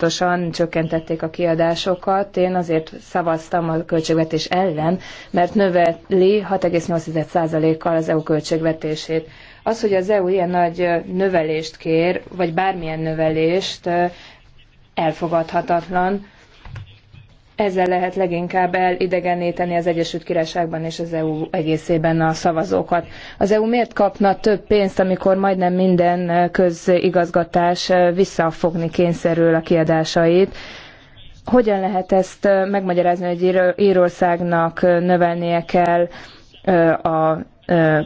folyamatosan csökkentették a kiadásokat. Én azért szavaztam a költségvetés ellen, mert növeli 6,8%-kal az EU költségvetését. Az, hogy az EU ilyen nagy növelést kér, vagy bármilyen növelést, elfogadhatatlan ezzel lehet leginkább elidegeníteni az Egyesült Királyságban és az EU egészében a szavazókat. Az EU miért kapna több pénzt, amikor majdnem minden közigazgatás visszafogni kényszerül a kiadásait? Hogyan lehet ezt megmagyarázni, hogy Írországnak növelnie kell a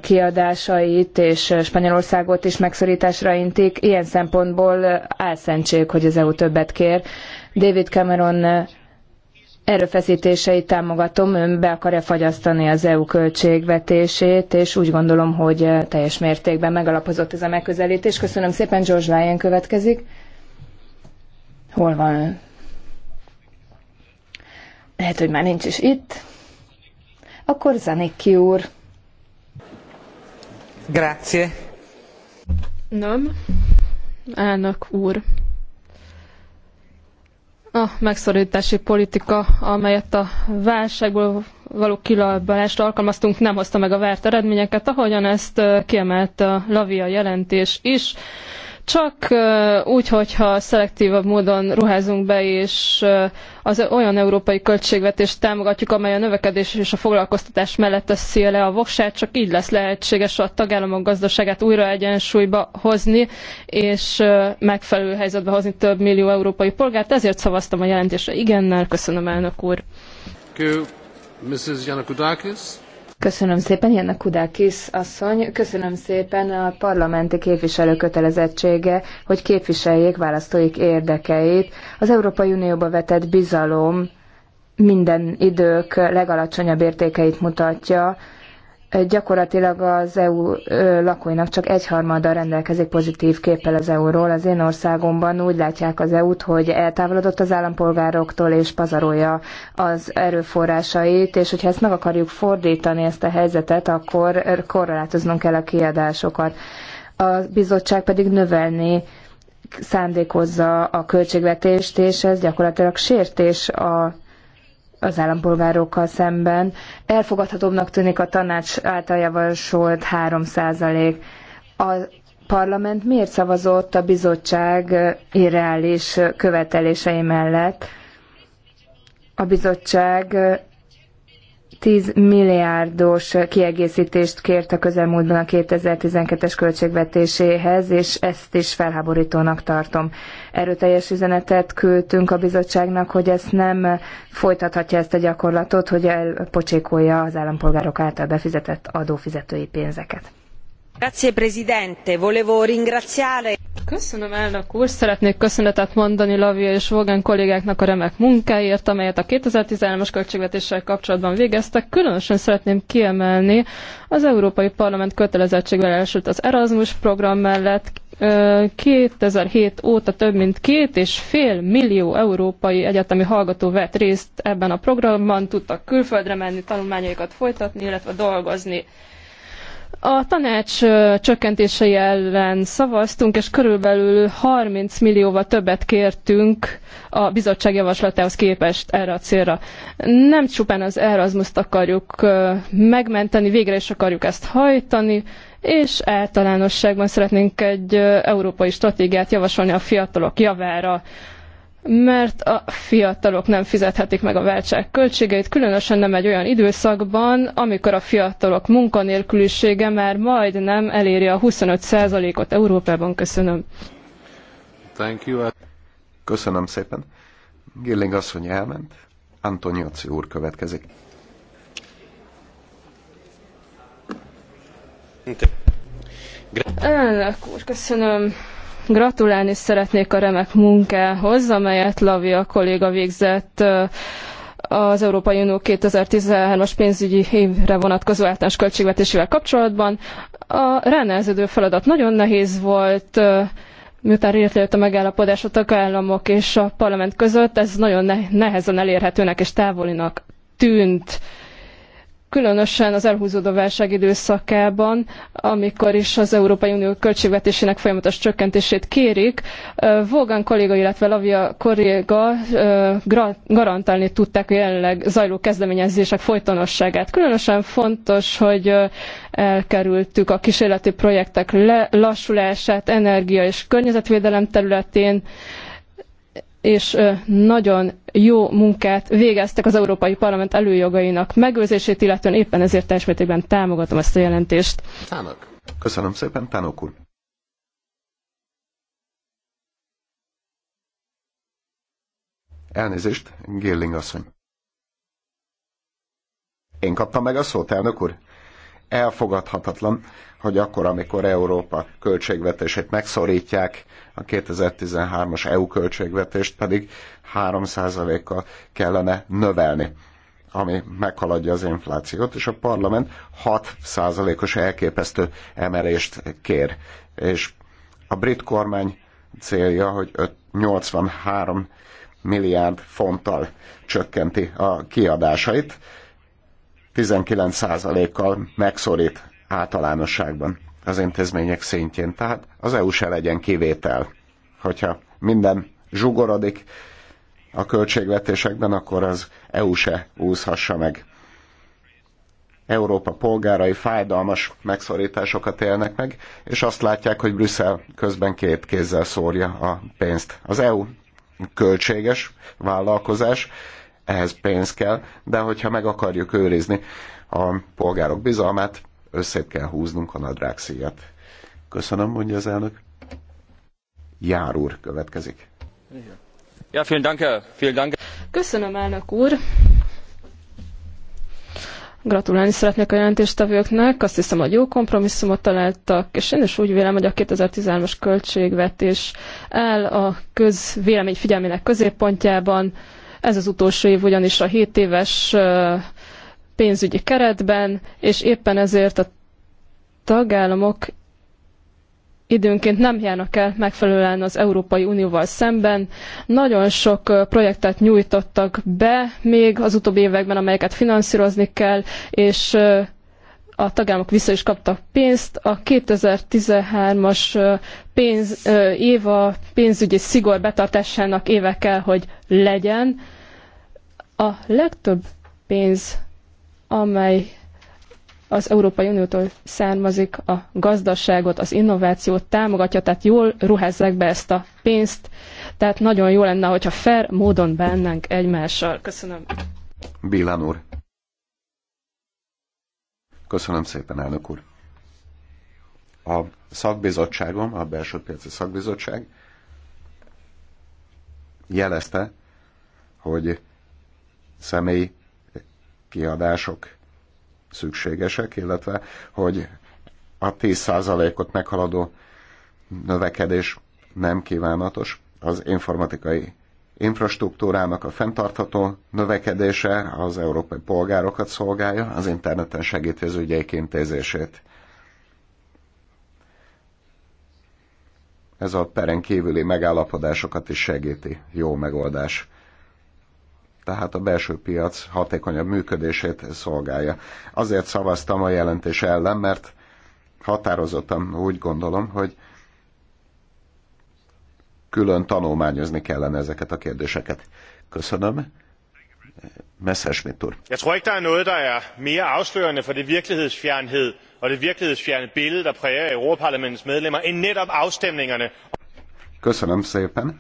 kiadásait és Spanyolországot is megszorításra intik. Ilyen szempontból álszentség, hogy az EU többet kér. David Cameron erőfeszítéseit támogatom, ön be akarja fagyasztani az EU költségvetését, és úgy gondolom, hogy eh, teljes mértékben megalapozott ez a megközelítés. Köszönöm szépen, George Lyon következik. Hol van ön? Lehet, hogy már nincs is itt. Akkor Zanikki úr. Grazie. Nem. Elnök úr a megszorítási politika, amelyet a válságból való kilabalásra alkalmaztunk, nem hozta meg a várt eredményeket, ahogyan ezt kiemelt a Lavia jelentés is. Csak úgy, hogyha szelektívabb módon ruházunk be, és az olyan európai költségvetést támogatjuk, amely a növekedés és a foglalkoztatás mellett teszi le a voksát, csak így lesz lehetséges a tagállamok gazdaságát újra egyensúlyba hozni, és megfelelő helyzetbe hozni több millió európai polgárt. Ezért szavaztam a jelentésre igennel. Köszönöm, elnök úr. Köszönöm. Mrs. Köszönöm szépen, Janna Kudákis asszony. Köszönöm szépen a parlamenti képviselő kötelezettsége, hogy képviseljék választóik érdekeit. Az Európai Unióba vetett bizalom minden idők legalacsonyabb értékeit mutatja gyakorlatilag az EU lakóinak csak egyharmada rendelkezik pozitív képpel az EU-ról. Az én országomban úgy látják az EU-t, hogy eltávolodott az állampolgároktól és pazarolja az erőforrásait, és hogyha ezt meg akarjuk fordítani, ezt a helyzetet, akkor korlátoznunk kell a kiadásokat. A bizottság pedig növelni szándékozza a költségvetést, és ez gyakorlatilag sértés a az állampolgárokkal szemben. Elfogadhatóbbnak tűnik a tanács által javasolt 3%. A parlament miért szavazott a bizottság irreális követelései mellett? A bizottság 10 milliárdos kiegészítést kért a közelmúltban a 2012-es költségvetéséhez, és ezt is felháborítónak tartom. Erőteljes üzenetet küldtünk a bizottságnak, hogy ezt nem folytathatja ezt a gyakorlatot, hogy elpocsékolja az állampolgárok által befizetett adófizetői pénzeket. Köszönöm elnök úr, szeretnék köszönetet mondani Lavia és Vogan kollégáknak a remek munkáért, amelyet a 2013-as költségvetéssel kapcsolatban végeztek. Különösen szeretném kiemelni az Európai Parlament kötelezettségvel elsőt az Erasmus program mellett 2007 óta több mint két és fél millió európai egyetemi hallgató vett részt ebben a programban, tudtak külföldre menni, tanulmányaikat folytatni, illetve dolgozni. A tanács csökkentései ellen szavaztunk, és körülbelül 30 millióval többet kértünk a bizottság javaslatához képest erre a célra. Nem csupán az Erasmus-t akarjuk megmenteni, végre is akarjuk ezt hajtani, és általánosságban szeretnénk egy európai stratégiát javasolni a fiatalok javára mert a fiatalok nem fizethetik meg a váltság költségeit, különösen nem egy olyan időszakban, amikor a fiatalok munkanélkülisége már majdnem eléri a 25%-ot Európában. Köszönöm. Thank you. Köszönöm szépen. Gilling asszony elment. Antonioci úr következik. Elnök úr, köszönöm. Gratulálni szeretnék a remek munkához, amelyet Lavia kolléga végzett az Európai Unió 2013-as pénzügyi évre vonatkozó általános költségvetésével kapcsolatban. A ránehezedő feladat nagyon nehéz volt, miután létrejött a megállapodás a tagállamok és a parlament között, ez nagyon nehezen elérhetőnek és távolinak tűnt különösen az elhúzódó válság időszakában, amikor is az Európai Unió költségvetésének folyamatos csökkentését kérik, Vogan kolléga, illetve Lavia kolléga garantálni tudták a jelenleg zajló kezdeményezések folytonosságát. Különösen fontos, hogy elkerültük a kísérleti projektek lassulását energia és környezetvédelem területén, és nagyon jó munkát végeztek az Európai Parlament előjogainak megőrzését, illetően éppen ezért teljes mértékben támogatom ezt a jelentést. Tánok. Köszönöm szépen, Tánok úr. Elnézést, Gilling asszony. Én kaptam meg a szót, elnök úr? Elfogadhatatlan, hogy akkor, amikor Európa költségvetését megszorítják, a 2013-as EU költségvetést pedig 3%-kal kellene növelni ami meghaladja az inflációt, és a parlament 6%-os elképesztő emelést kér. És a brit kormány célja, hogy 83 milliárd fonttal csökkenti a kiadásait, 19%-kal megszorít általánosságban az intézmények szintjén. Tehát az EU se legyen kivétel. Hogyha minden zsugorodik a költségvetésekben, akkor az EU se úszhassa meg. Európa polgárai fájdalmas megszorításokat élnek meg, és azt látják, hogy Brüsszel közben két kézzel szórja a pénzt. Az EU költséges vállalkozás, ehhez pénz kell, de hogyha meg akarjuk őrizni a polgárok bizalmát, összét kell húznunk a nadrág szíjat. Köszönöm, mondja az elnök. Jár úr következik. Ja, vielen Dank, vielen Dank. Köszönöm, elnök úr. Gratulálni szeretnék a jelentéstevőknek, azt hiszem, hogy jó kompromisszumot találtak, és én is úgy vélem, hogy a 2013-as költségvetés el a közvélemény figyelmének középpontjában. Ez az utolsó év ugyanis a 7 éves pénzügyi keretben, és éppen ezért a tagállamok időnként nem járnak el megfelelően az Európai Unióval szemben. Nagyon sok projektet nyújtottak be még az utóbbi években, amelyeket finanszírozni kell, és a tagállamok vissza is kaptak pénzt. A 2013-as pénz, év pénzügyi szigor betartásának éve kell, hogy legyen. A legtöbb pénz, amely az Európai Uniótól származik, a gazdaságot, az innovációt támogatja, tehát jól ruházzák be ezt a pénzt, tehát nagyon jó lenne, hogyha fair módon bennünk egymással. Köszönöm. Bélán úr. Köszönöm szépen, elnök úr. A szakbizottságom, a belső piaci szakbizottság jelezte, hogy személy kiadások szükségesek, illetve hogy a 10%-ot meghaladó növekedés nem kívánatos. Az informatikai infrastruktúrának a fenntartható növekedése az európai polgárokat szolgálja, az interneten segíti az ügyeik intézését. Ez a peren kívüli megállapodásokat is segíti. Jó megoldás tehát a belső piac hatékonyabb működését szolgálja. Azért szavaztam a jelentés ellen, mert határozottan úgy gondolom, hogy külön tanulmányozni kellene ezeket a kérdéseket. Köszönöm. Messerschmidt úr. Jeg tror ikke, der er noget, der er mere afslørende for det virkelighedsfjernhed og det virkelighedsfjerne billede, der præger Europaparlamentets medlemmer, end netop afstemningerne. Köszönöm szépen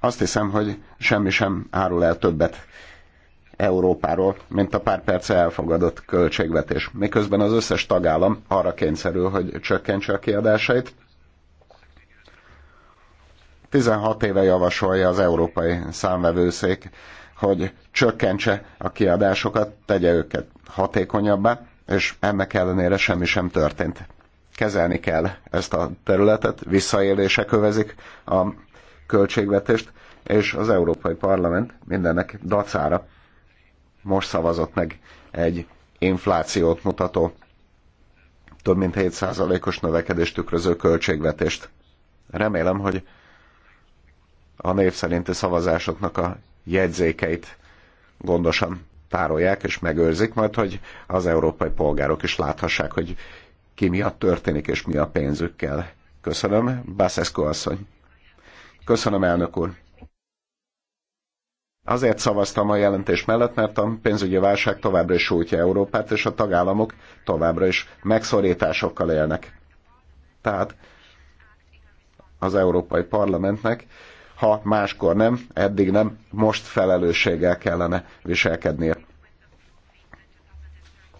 azt hiszem, hogy semmi sem árul el többet Európáról, mint a pár perc elfogadott költségvetés. Miközben az összes tagállam arra kényszerül, hogy csökkentse a kiadásait. 16 éve javasolja az Európai Számvevőszék, hogy csökkentse a kiadásokat, tegye őket hatékonyabbá, és ennek ellenére semmi sem történt. Kezelni kell ezt a területet, Visszaélése kövezik a költségvetést, és az Európai Parlament mindennek dacára most szavazott meg egy inflációt mutató, több mint 7%-os növekedést tükröző költségvetést. Remélem, hogy a név szerinti szavazásoknak a jegyzékeit gondosan tárolják és megőrzik majd, hogy az európai polgárok is láthassák, hogy ki miatt történik és mi a pénzükkel. Köszönöm, Baszeszko asszony. Köszönöm, elnök úr. Azért szavaztam a jelentés mellett, mert a pénzügyi válság továbbra is sújtja Európát, és a tagállamok továbbra is megszorításokkal élnek. Tehát az Európai Parlamentnek, ha máskor nem, eddig nem, most felelősséggel kellene viselkednie.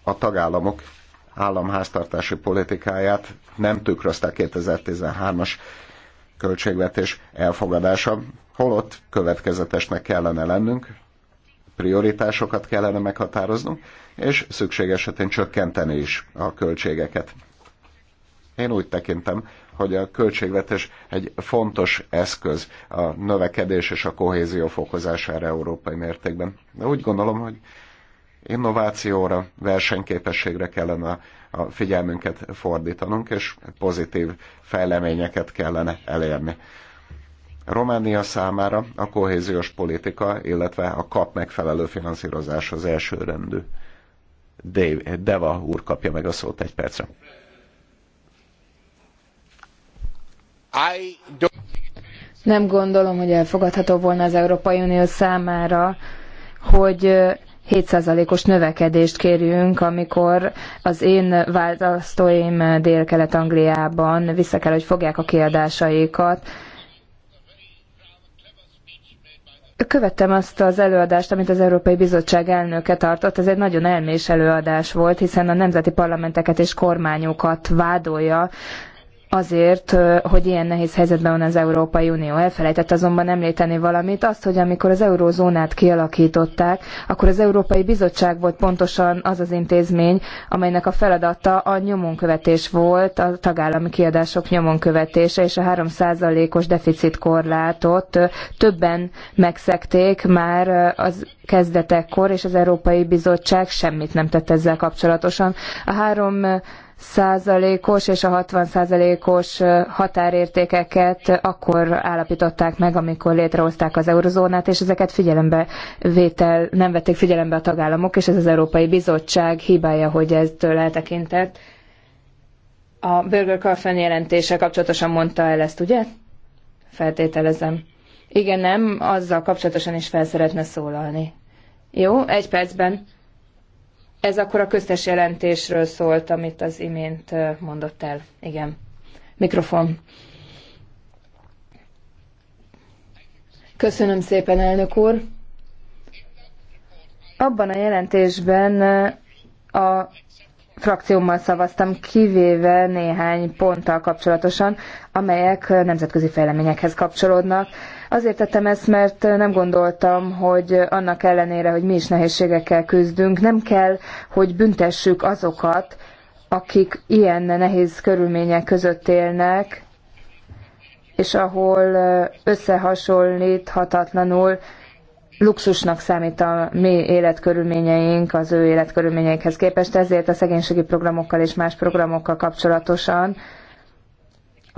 A tagállamok államháztartási politikáját nem tükrözte 2013-as költségvetés elfogadása, holott következetesnek kellene lennünk, prioritásokat kellene meghatároznunk, és szükség esetén csökkenteni is a költségeket. Én úgy tekintem, hogy a költségvetés egy fontos eszköz a növekedés és a kohézió fokozására európai mértékben. De úgy gondolom, hogy innovációra, versenyképességre kellene a figyelmünket fordítanunk, és pozitív fejleményeket kellene elérni. Románia számára a kohéziós politika, illetve a kap megfelelő finanszírozás az elsőrendű. Dave, Deva úr kapja meg a szót egy percre. Nem gondolom, hogy elfogadható volna az Európai Unió számára, hogy 7%-os növekedést kérjünk, amikor az én választóim Dél-Kelet-Angliában vissza kell, hogy fogják a kiadásaikat. Követtem azt az előadást, amit az Európai Bizottság elnöke tartott. Ez egy nagyon elmés előadás volt, hiszen a nemzeti parlamenteket és kormányokat vádolja azért, hogy ilyen nehéz helyzetben van az Európai Unió. Elfelejtett azonban említeni valamit, azt, hogy amikor az eurózónát kialakították, akkor az Európai Bizottság volt pontosan az az intézmény, amelynek a feladata a nyomonkövetés volt, a tagállami kiadások nyomonkövetése, és a 3%-os deficitkorlátot többen megszekték már az kezdetekkor, és az Európai Bizottság semmit nem tett ezzel kapcsolatosan. A három százalékos és a 60 százalékos határértékeket akkor állapították meg, amikor létrehozták az eurozónát, és ezeket figyelembe vétel, nem vették figyelembe a tagállamok, és ez az Európai Bizottság hibája, hogy eztől eltekintett. A Burger Kaffen jelentése kapcsolatosan mondta el ezt, ugye? Feltételezem. Igen, nem, azzal kapcsolatosan is fel szeretne szólalni. Jó, egy percben. Ez akkor a köztes jelentésről szólt, amit az imént mondott el. Igen. Mikrofon. Köszönöm szépen, elnök úr. Abban a jelentésben a frakciómmal szavaztam, kivéve néhány ponttal kapcsolatosan, amelyek nemzetközi fejleményekhez kapcsolódnak Azért tettem ezt, mert nem gondoltam, hogy annak ellenére, hogy mi is nehézségekkel küzdünk, nem kell, hogy büntessük azokat, akik ilyen nehéz körülmények között élnek, és ahol összehasonlíthatatlanul luxusnak számít a mi életkörülményeink az ő életkörülményeikhez képest, ezért a szegénységi programokkal és más programokkal kapcsolatosan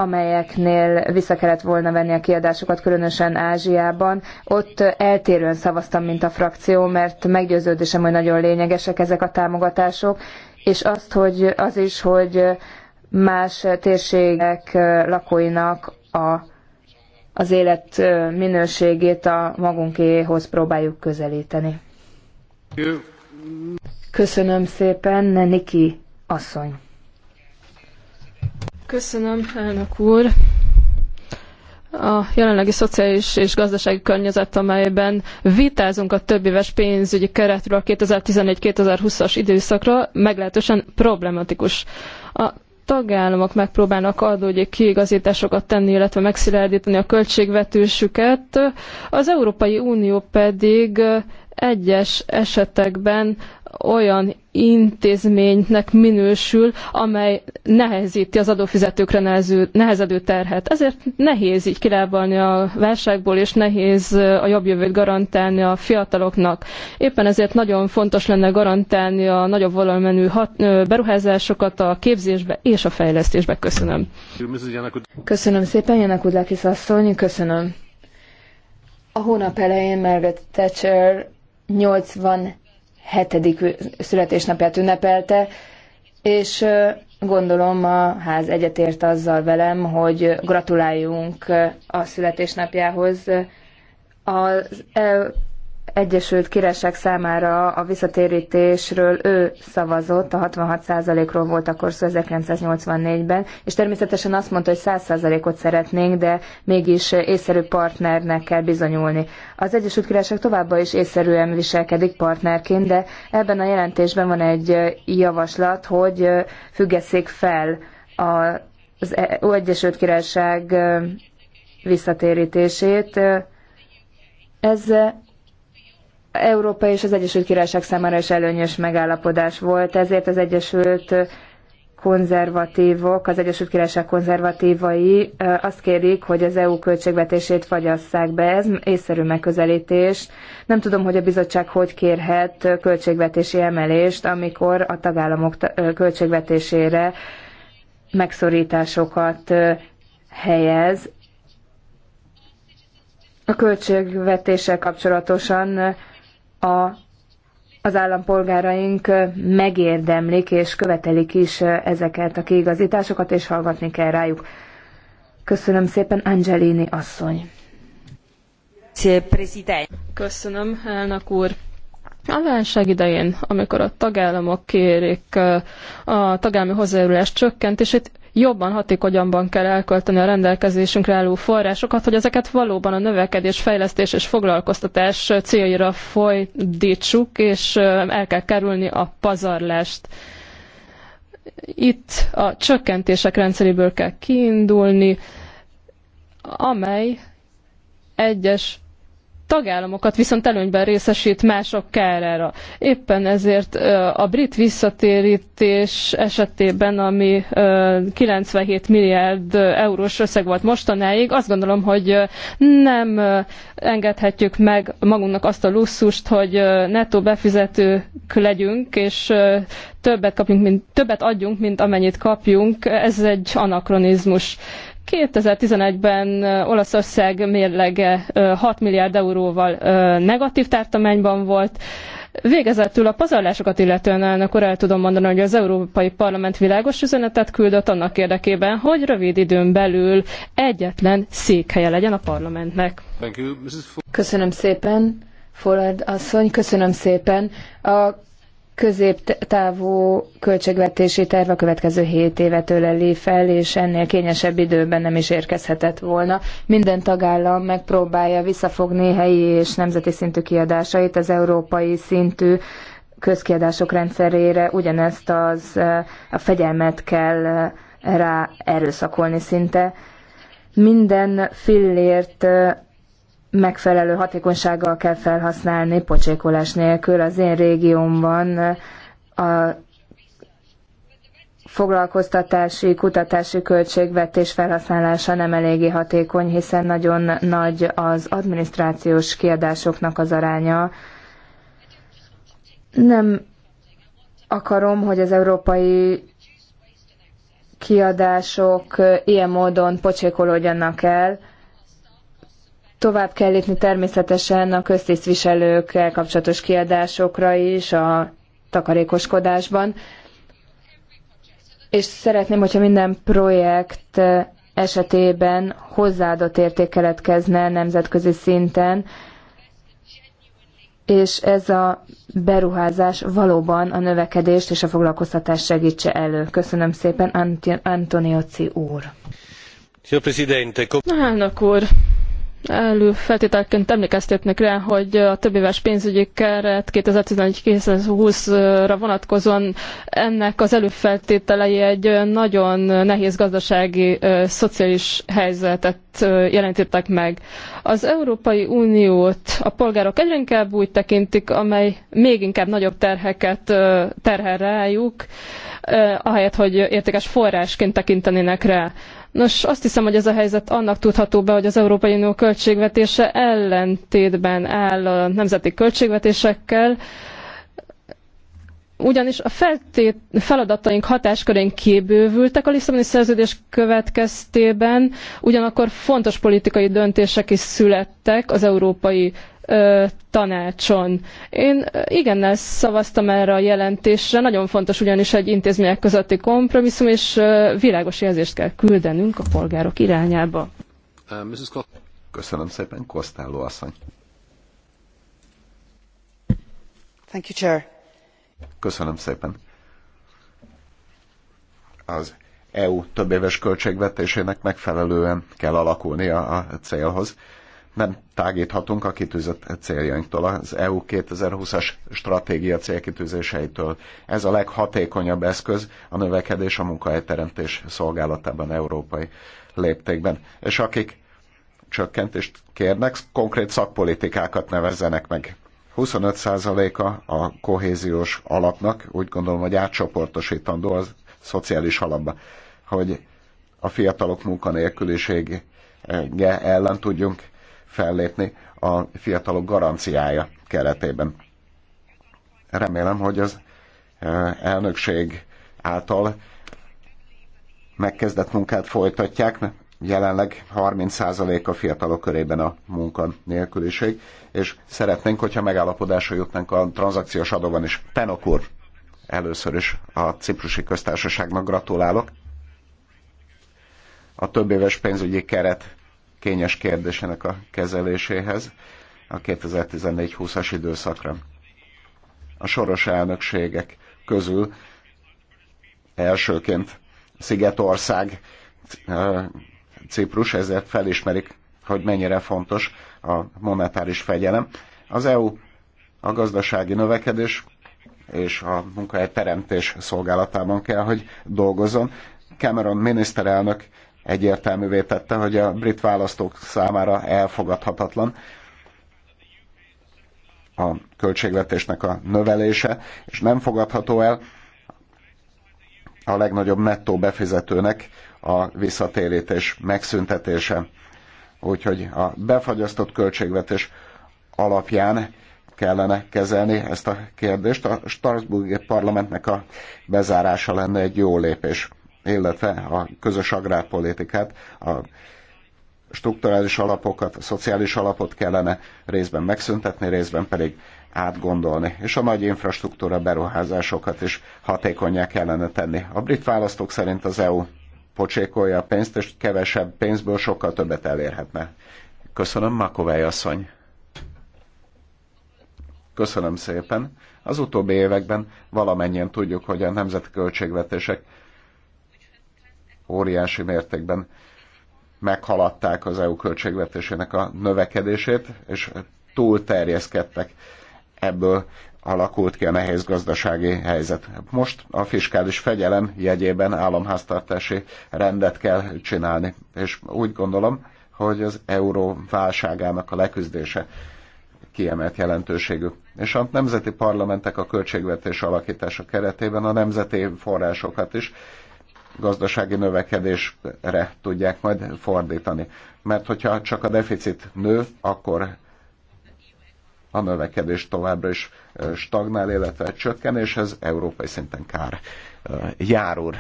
amelyeknél vissza kellett volna venni a kiadásokat, különösen Ázsiában. Ott eltérően szavaztam, mint a frakció, mert meggyőződésem, hogy nagyon lényegesek ezek a támogatások, és azt, hogy az is, hogy más térségek lakóinak a, az élet minőségét a magunkéhoz próbáljuk közelíteni. Köszönöm szépen, Niki asszony. Köszönöm, elnök úr. A jelenlegi szociális és gazdasági környezet, amelyben vitázunk a többéves pénzügyi keretről 2014-2020-as időszakra, meglehetősen problematikus. A tagállamok megpróbálnak adógyi kiigazításokat tenni, illetve megszilárdítani a költségvetésüket, az Európai Unió pedig egyes esetekben olyan intézménynek minősül, amely nehezíti az adófizetőkre nehező, nehezedő terhet. Ezért nehéz így kilábalni a válságból, és nehéz a jobb jövőt garantálni a fiataloknak. Éppen ezért nagyon fontos lenne garantálni a nagyobb volumenű beruházásokat a képzésbe és a fejlesztésbe. Köszönöm. Köszönöm szépen, Janakudlákis asszony, köszönöm. A hónap elején Margaret Thatcher 80 hetedik születésnapját ünnepelte, és gondolom a ház egyetért azzal velem, hogy gratuláljunk a születésnapjához. Az Egyesült Királyság számára a visszatérítésről ő szavazott, a 66%-ról volt akkor szó 1984-ben, és természetesen azt mondta, hogy 100%-ot szeretnénk, de mégis észszerű partnernek kell bizonyulni. Az Egyesült Királyság továbbá is észszerűen viselkedik partnerként, de ebben a jelentésben van egy javaslat, hogy függesszék fel az Egyesült Királyság visszatérítését. Ez Európa és az Egyesült Királyság számára is előnyös megállapodás volt, ezért az Egyesült konzervatívok, az Egyesült Királyság konzervatívai azt kérik, hogy az EU költségvetését fagyasszák be. Ez észszerű megközelítés. Nem tudom, hogy a bizottság hogy kérhet költségvetési emelést, amikor a tagállamok költségvetésére megszorításokat helyez. A költségvetéssel kapcsolatosan a, az állampolgáraink megérdemlik és követelik is ezeket a kiigazításokat, és hallgatni kell rájuk. Köszönöm szépen, Angelini asszony. Köszönöm, elnök úr. A válság idején, amikor a tagállamok kérik a tagállami hozzájárulás csökkentését, jobban, hatékonyabban kell elkölteni a rendelkezésünkre álló forrásokat, hogy ezeket valóban a növekedés, fejlesztés és foglalkoztatás céljaira folydítsuk, és el kell kerülni a pazarlást. Itt a csökkentések rendszeréből kell kiindulni, amely egyes tagállamokat viszont előnyben részesít mások kárára. Éppen ezért a brit visszatérítés esetében, ami 97 milliárd eurós összeg volt mostanáig, azt gondolom, hogy nem engedhetjük meg magunknak azt a luxust, hogy nettó befizetők legyünk, és többet, kapjunk, mint, többet adjunk, mint amennyit kapjunk. Ez egy anakronizmus. 2011-ben Olaszország mérlege 6 milliárd euróval negatív tartományban volt. Végezetül a pazarlásokat illetően elnök úr el tudom mondani, hogy az Európai Parlament világos üzenetet küldött annak érdekében, hogy rövid időn belül egyetlen székhelye legyen a parlamentnek. Köszönöm szépen, Follard asszony, köszönöm szépen. A középtávú költségvetési terv a következő 7 évet öleli fel, és ennél kényesebb időben nem is érkezhetett volna. Minden tagállam megpróbálja visszafogni helyi és nemzeti szintű kiadásait az európai szintű közkiadások rendszerére ugyanezt az, eh, a fegyelmet kell eh, rá erőszakolni szinte. Minden fillért eh, megfelelő hatékonysággal kell felhasználni, pocsékolás nélkül. Az én régiómban a foglalkoztatási, kutatási költségvetés felhasználása nem eléggé hatékony, hiszen nagyon nagy az adminisztrációs kiadásoknak az aránya. Nem akarom, hogy az európai kiadások ilyen módon pocsékolódjanak el, Tovább kell lépni természetesen a köztisztviselőkkel kapcsolatos kiadásokra is, a takarékoskodásban. És szeretném, hogyha minden projekt esetében hozzáadott érték keletkezne nemzetközi szinten, és ez a beruházás valóban a növekedést és a foglalkoztatást segítse elő. Köszönöm szépen, Antonioci úr. Elnök úr, előfeltételként emlékeztetnek rá, hogy a több éves pénzügyi keret 2011-2020-ra vonatkozóan ennek az előfeltételei egy nagyon nehéz gazdasági, szociális helyzetet jelentettek meg. Az Európai Uniót a polgárok egyre inkább úgy tekintik, amely még inkább nagyobb terheket terhel rájuk, ahelyett, hogy értékes forrásként tekintenének rá. Nos, azt hiszem, hogy ez a helyzet annak tudható be, hogy az Európai Unió költségvetése ellentétben áll a nemzeti költségvetésekkel, ugyanis a feltét, feladataink hatáskörén kibővültek a Lisszaboni szerződés következtében, ugyanakkor fontos politikai döntések is születtek az európai tanácson. Én igennel szavaztam erre a jelentésre, nagyon fontos ugyanis egy intézmények közötti kompromisszum, és világos jelzést kell küldenünk a polgárok irányába. Köszönöm szépen, Kosztáló asszony. Thank you, Chair. Köszönöm szépen. Az EU több éves költségvetésének megfelelően kell alakulnia a célhoz, nem tágíthatunk a kitűzött céljainktól, az EU 2020-as stratégia célkitűzéseitől. Ez a leghatékonyabb eszköz a növekedés a munkahelyteremtés szolgálatában európai léptékben. És akik csökkentést kérnek, konkrét szakpolitikákat nevezzenek meg. 25%-a a kohéziós alapnak úgy gondolom, hogy átcsoportosítandó az szociális alapba, hogy a fiatalok munkanélküliség ellen tudjunk fellépni a fiatalok garanciája keretében. Remélem, hogy az eh, elnökség által megkezdett munkát folytatják. Jelenleg 30% a fiatalok körében a munka nélküliség, és szeretnénk, hogyha megállapodásra jutnánk a tranzakciós adóban is. Tenok úr, először is a Ciprusi Köztársaságnak gratulálok. A több éves pénzügyi keret kényes kérdésének a kezeléséhez a 2014-20-as időszakra. A soros elnökségek közül elsőként Szigetország, eh, Ciprus, ezért felismerik, hogy mennyire fontos a monetáris fegyelem. Az EU a gazdasági növekedés és a munkahely teremtés szolgálatában kell, hogy dolgozzon. Cameron miniszterelnök egyértelművé tette, hogy a brit választók számára elfogadhatatlan a költségvetésnek a növelése, és nem fogadható el a legnagyobb nettó befizetőnek a visszatérítés megszüntetése. Úgyhogy a befagyasztott költségvetés alapján kellene kezelni ezt a kérdést. A Strasbourg parlamentnek a bezárása lenne egy jó lépés illetve a közös agrárpolitikát, a strukturális alapokat, a szociális alapot kellene részben megszüntetni, részben pedig átgondolni, és a nagy infrastruktúra beruházásokat is hatékonyá kellene tenni. A brit választók szerint az EU pocsékolja a pénzt, és kevesebb pénzből sokkal többet elérhetne. Köszönöm, Makovely asszony. Köszönöm szépen. Az utóbbi években valamennyien tudjuk, hogy a nemzeti költségvetések óriási mértékben meghaladták az EU költségvetésének a növekedését, és terjeszkedtek. Ebből alakult ki a nehéz gazdasági helyzet. Most a fiskális fegyelem jegyében államháztartási rendet kell csinálni, és úgy gondolom, hogy az euró válságának a leküzdése kiemelt jelentőségű. És a nemzeti parlamentek a költségvetés alakítása keretében a nemzeti forrásokat is gazdasági növekedésre tudják majd fordítani. Mert hogyha csak a deficit nő, akkor a növekedés továbbra is stagnál, illetve csökken, és ez európai szinten kár. Jár úr.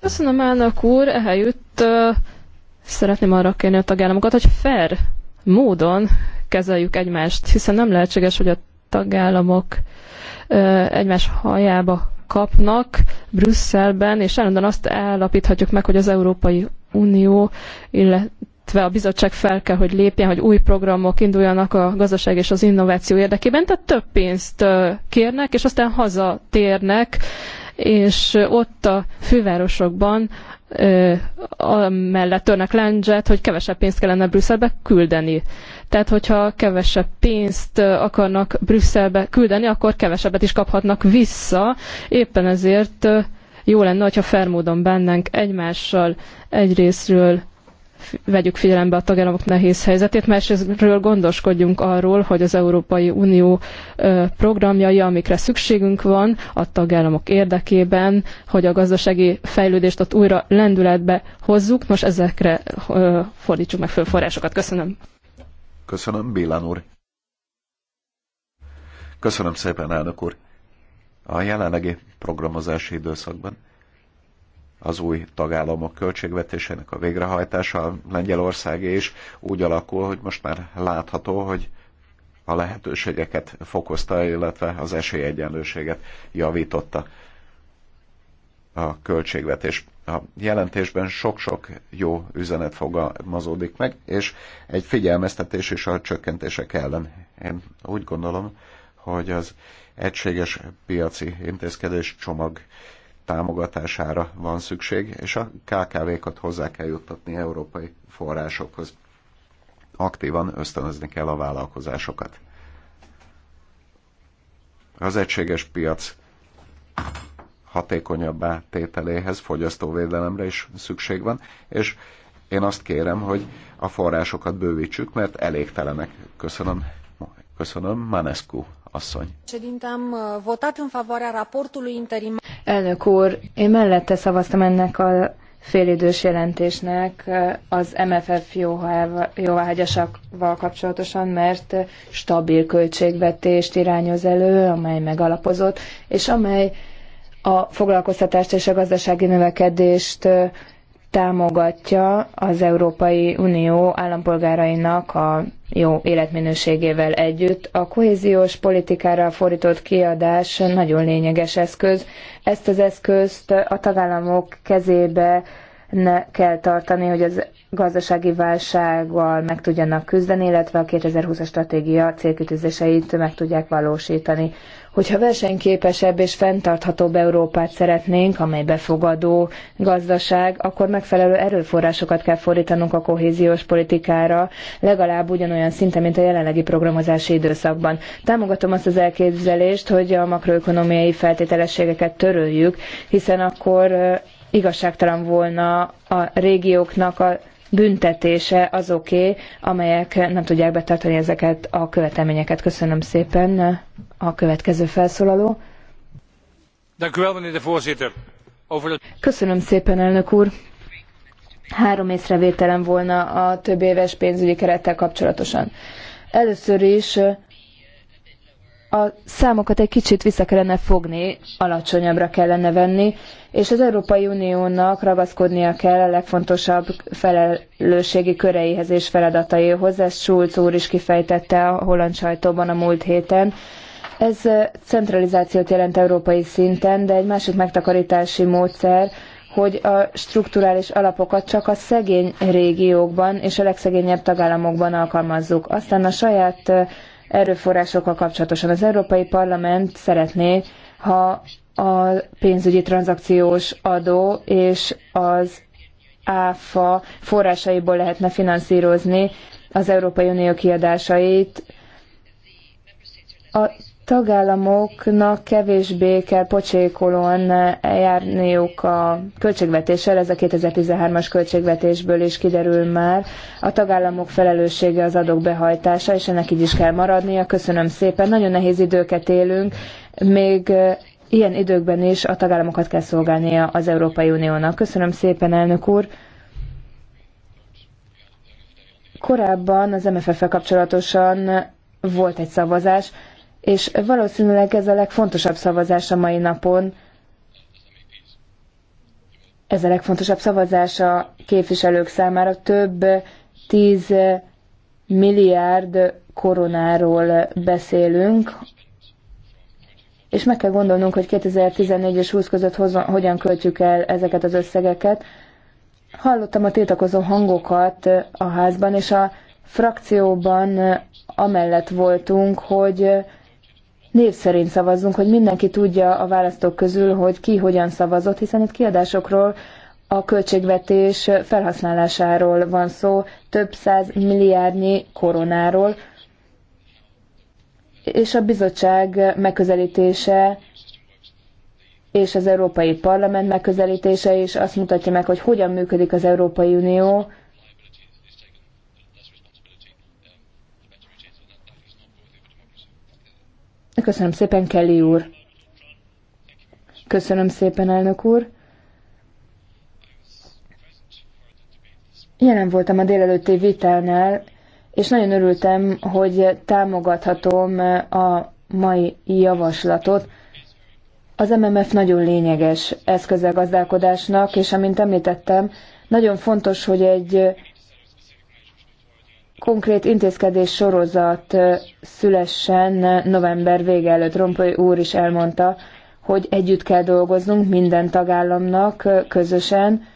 Köszönöm elnök úr, ehelyütt szeretném arra kérni a tagállamokat, hogy fair módon kezeljük egymást, hiszen nem lehetséges, hogy a tagállamok egymás hajába kapnak Brüsszelben, és állandóan azt állapíthatjuk meg, hogy az Európai Unió, illetve a bizottság fel kell, hogy lépjen, hogy új programok induljanak a gazdaság és az innováció érdekében, tehát több pénzt kérnek, és aztán hazatérnek, és ott a fővárosokban amellett törnek láncset, hogy kevesebb pénzt kellene Brüsszelbe küldeni. Tehát, hogyha kevesebb pénzt akarnak Brüsszelbe küldeni, akkor kevesebbet is kaphatnak vissza. Éppen ezért jó lenne, hogyha fermódon bennünk egymással egyrésztről vegyük figyelembe a tagállamok nehéz helyzetét, másrésztről gondoskodjunk arról, hogy az Európai Unió programjai, amikre szükségünk van a tagállamok érdekében, hogy a gazdasági fejlődést ott újra lendületbe hozzuk, most ezekre fordítsuk meg föl forrásokat. Köszönöm. Köszönöm, Bélán úr. Köszönöm szépen, elnök úr. A jelenlegi programozási időszakban az új tagállamok költségvetésének a végrehajtása Lengyelország és úgy alakul, hogy most már látható, hogy a lehetőségeket fokozta, illetve az esélyegyenlőséget javította a költségvetés a jelentésben sok-sok jó üzenet fogalmazódik meg, és egy figyelmeztetés is a csökkentések ellen. Én úgy gondolom, hogy az egységes piaci intézkedés csomag támogatására van szükség, és a KKV-kat hozzá kell juttatni európai forrásokhoz. Aktívan ösztönözni kell a vállalkozásokat. Az egységes piac hatékonyabb tételéhez, fogyasztóvédelemre is szükség van, és én azt kérem, hogy a forrásokat bővítsük, mert elégtelenek. Köszönöm. Köszönöm, Manescu asszony. Uh, interim. Elnök úr, én mellette szavaztam ennek a félidős jelentésnek uh, az MFF jóváhagyásával kapcsolatosan, mert uh, stabil költségvetést irányoz elő, amely megalapozott, és amely a foglalkoztatást és a gazdasági növekedést támogatja az Európai Unió állampolgárainak a jó életminőségével együtt. A kohéziós politikára fordított kiadás nagyon lényeges eszköz. Ezt az eszközt a tagállamok kezébe ne kell tartani, hogy az gazdasági válsággal meg tudjanak küzdeni, illetve a 2020-as stratégia célkütőzéseit meg tudják valósítani. Hogyha versenyképesebb és fenntarthatóbb Európát szeretnénk, amely befogadó gazdaság, akkor megfelelő erőforrásokat kell fordítanunk a kohéziós politikára, legalább ugyanolyan szinten, mint a jelenlegi programozási időszakban. Támogatom azt az elképzelést, hogy a makroökonomiai feltételességeket töröljük, hiszen akkor igazságtalan volna a régióknak a büntetése azoké, amelyek nem tudják betartani ezeket a követelményeket. Köszönöm szépen a következő felszólaló. Köszönöm szépen, elnök úr. Három észrevételem volna a több éves pénzügyi kerettel kapcsolatosan. Először is a számokat egy kicsit vissza kellene fogni, alacsonyabbra kellene venni, és az Európai Uniónak ragaszkodnia kell a legfontosabb felelősségi köreihez és feladataihoz. Ezt Schulz úr is kifejtette a holland sajtóban a múlt héten. Ez centralizációt jelent európai szinten, de egy másik megtakarítási módszer, hogy a strukturális alapokat csak a szegény régiókban és a legszegényebb tagállamokban alkalmazzuk. Aztán a saját erőforrásokkal kapcsolatosan. Az Európai Parlament szeretné, ha a pénzügyi tranzakciós adó és az áfa forrásaiból lehetne finanszírozni az Európai Unió kiadásait. A tagállamoknak kevésbé kell pocsékolóan járniuk a költségvetéssel, ez a 2013-as költségvetésből is kiderül már. A tagállamok felelőssége az adók behajtása, és ennek így is kell maradnia. Köszönöm szépen, nagyon nehéz időket élünk, még ilyen időkben is a tagállamokat kell szolgálnia az Európai Uniónak. Köszönöm szépen, elnök úr! Korábban az MFF-fel kapcsolatosan volt egy szavazás, és valószínűleg ez a legfontosabb szavazás a mai napon. Ez a legfontosabb szavazás a képviselők számára. Több tíz milliárd koronáról beszélünk, és meg kell gondolnunk, hogy 2014 és 20 között hozzon, hogyan költjük el ezeket az összegeket. Hallottam a tiltakozó hangokat a házban, és a frakcióban amellett voltunk, hogy név szerint szavazzunk, hogy mindenki tudja a választók közül, hogy ki hogyan szavazott, hiszen itt kiadásokról, a költségvetés felhasználásáról van szó, több száz milliárdnyi koronáról, és a bizottság megközelítése és az Európai Parlament megközelítése is azt mutatja meg, hogy hogyan működik az Európai Unió, Köszönöm szépen, Kelly úr. Köszönöm szépen, elnök úr. Jelen voltam a délelőtti vitánál, és nagyon örültem, hogy támogathatom a mai javaslatot. Az MMF nagyon lényeges eszköze gazdálkodásnak, és amint említettem, nagyon fontos, hogy egy konkrét intézkedés sorozat szülessen november vége előtt. Rompoy úr is elmondta, hogy együtt kell dolgoznunk minden tagállamnak közösen,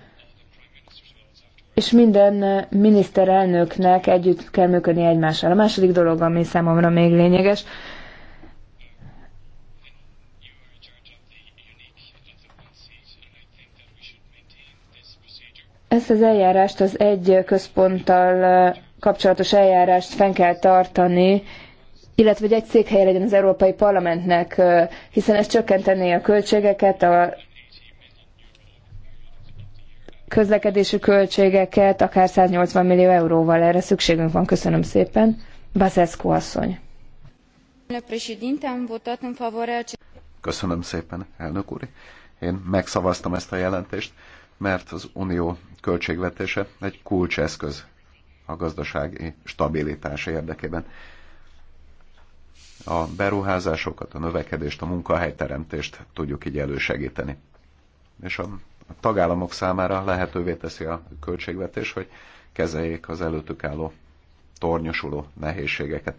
és minden miniszterelnöknek együtt kell működni egymással. A második dolog, ami számomra még lényeges, ezt az eljárást az egy központtal kapcsolatos eljárást fenn kell tartani, illetve hogy egy székhelye legyen az Európai Parlamentnek, hiszen ez csökkentené a költségeket, a közlekedési költségeket, akár 180 millió euróval erre szükségünk van. Köszönöm szépen. Baszeszko asszony. Köszönöm szépen, elnök úr. Én megszavaztam ezt a jelentést, mert az unió költségvetése egy kulcseszköz a gazdasági stabilitás érdekében. A beruházásokat, a növekedést, a munkahelyteremtést tudjuk így elősegíteni. És a tagállamok számára lehetővé teszi a költségvetés, hogy kezeljék az előttük álló tornyosuló nehézségeket.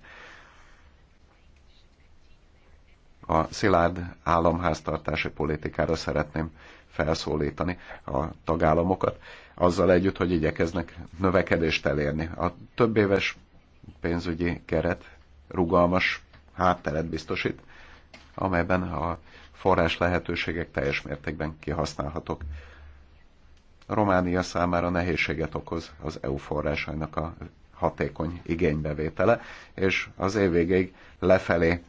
A szilárd államháztartási politikára szeretném felszólítani a tagállamokat, azzal együtt, hogy igyekeznek növekedést elérni. A több éves pénzügyi keret rugalmas hátteret biztosít, amelyben a forrás lehetőségek teljes mértékben kihasználhatók. Románia számára nehézséget okoz az EU forrásainak a hatékony igénybevétele, és az év végéig lefelé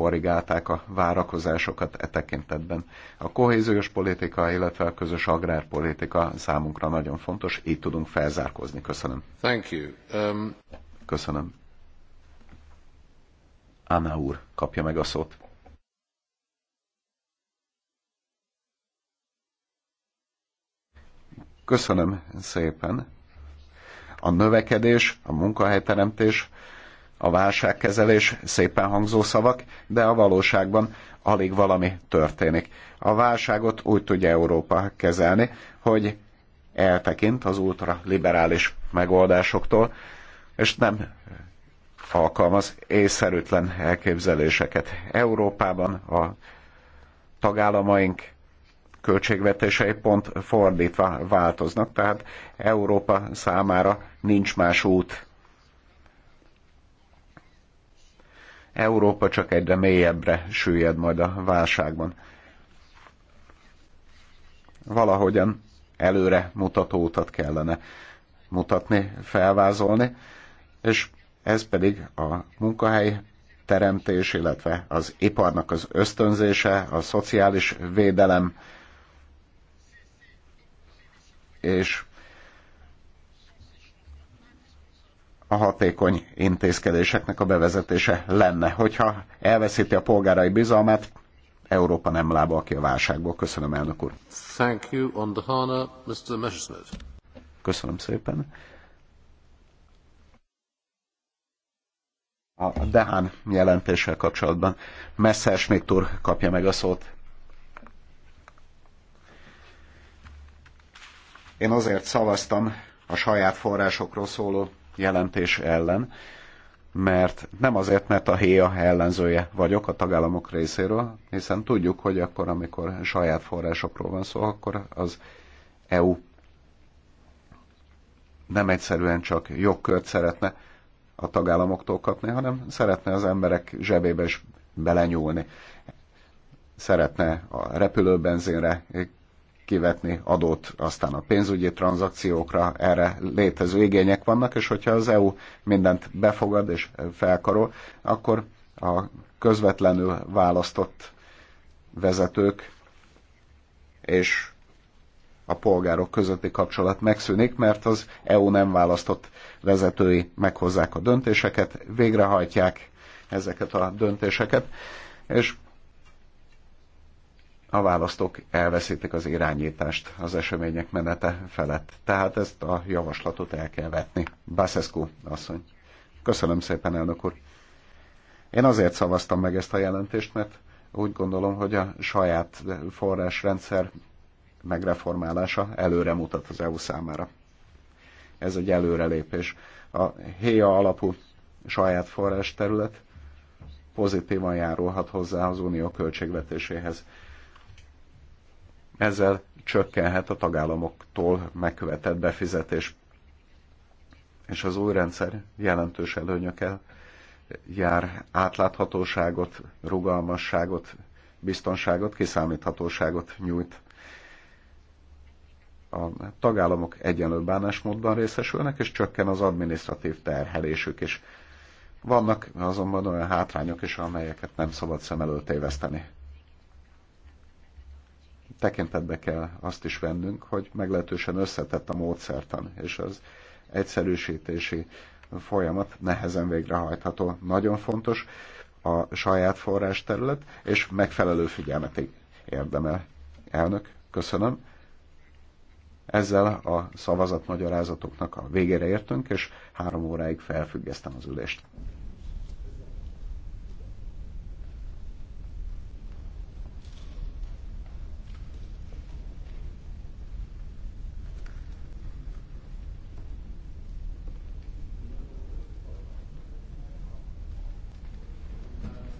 korrigálták a várakozásokat e tekintetben. A kohéziós politika, illetve a közös agrárpolitika számunkra nagyon fontos, így tudunk felzárkózni. Köszönöm. Thank you. Um... Köszönöm. Anna úr kapja meg a szót. Köszönöm szépen. A növekedés, a munkahelyteremtés, a válságkezelés szépen hangzó szavak, de a valóságban alig valami történik. A válságot úgy tudja Európa kezelni, hogy eltekint az ultraliberális megoldásoktól, és nem alkalmaz észszerűtlen elképzeléseket. Európában a tagállamaink költségvetései pont fordítva változnak, tehát Európa számára nincs más út, Európa csak egyre mélyebbre süllyed majd a válságban. Valahogyan előre mutató utat kellene mutatni, felvázolni, és ez pedig a munkahely teremtés, illetve az iparnak az ösztönzése, a szociális védelem, és a hatékony intézkedéseknek a bevezetése lenne. Hogyha elveszíti a polgárai bizalmát, Európa nem lába ki a válságból. Köszönöm, elnök úr. Thank you on the honor, Mr. Messerschmidt. Köszönöm szépen. A Dehán jelentéssel kapcsolatban még úr kapja meg a szót. Én azért szavaztam a saját forrásokról szóló jelentés ellen, mert nem azért, mert a héja ellenzője vagyok a tagállamok részéről, hiszen tudjuk, hogy akkor, amikor saját forrásokról van szó, akkor az EU nem egyszerűen csak jogkört szeretne a tagállamoktól kapni, hanem szeretne az emberek zsebébe is belenyúlni. Szeretne a repülőbenzinre kivetni adót aztán a pénzügyi tranzakciókra, erre létező igények vannak, és hogyha az EU mindent befogad és felkarol, akkor a közvetlenül választott vezetők és a polgárok közötti kapcsolat megszűnik, mert az EU nem választott vezetői meghozzák a döntéseket, végrehajtják ezeket a döntéseket, és a választók elveszítik az irányítást az események menete felett. Tehát ezt a javaslatot el kell vetni. Baszescu asszony. Köszönöm szépen, elnök úr. Én azért szavaztam meg ezt a jelentést, mert úgy gondolom, hogy a saját forrásrendszer megreformálása előre mutat az EU számára. Ez egy előrelépés. A HEA alapú saját forrás terület pozitívan járulhat hozzá az unió költségvetéséhez ezzel csökkenhet a tagállamoktól megkövetett befizetés. És az új rendszer jelentős előnyökkel jár átláthatóságot, rugalmasságot, biztonságot, kiszámíthatóságot nyújt. A tagállamok egyenlő bánásmódban részesülnek, és csökken az adminisztratív terhelésük is. Vannak azonban olyan hátrányok is, amelyeket nem szabad szem előtt éveszteni tekintetbe kell azt is vennünk, hogy meglehetősen összetett a módszertan, és az egyszerűsítési folyamat nehezen végrehajtható. Nagyon fontos a saját forrás terület, és megfelelő figyelmet érdemel. Elnök, köszönöm. Ezzel a szavazatmagyarázatoknak a végére értünk, és három óráig felfüggesztem az ülést.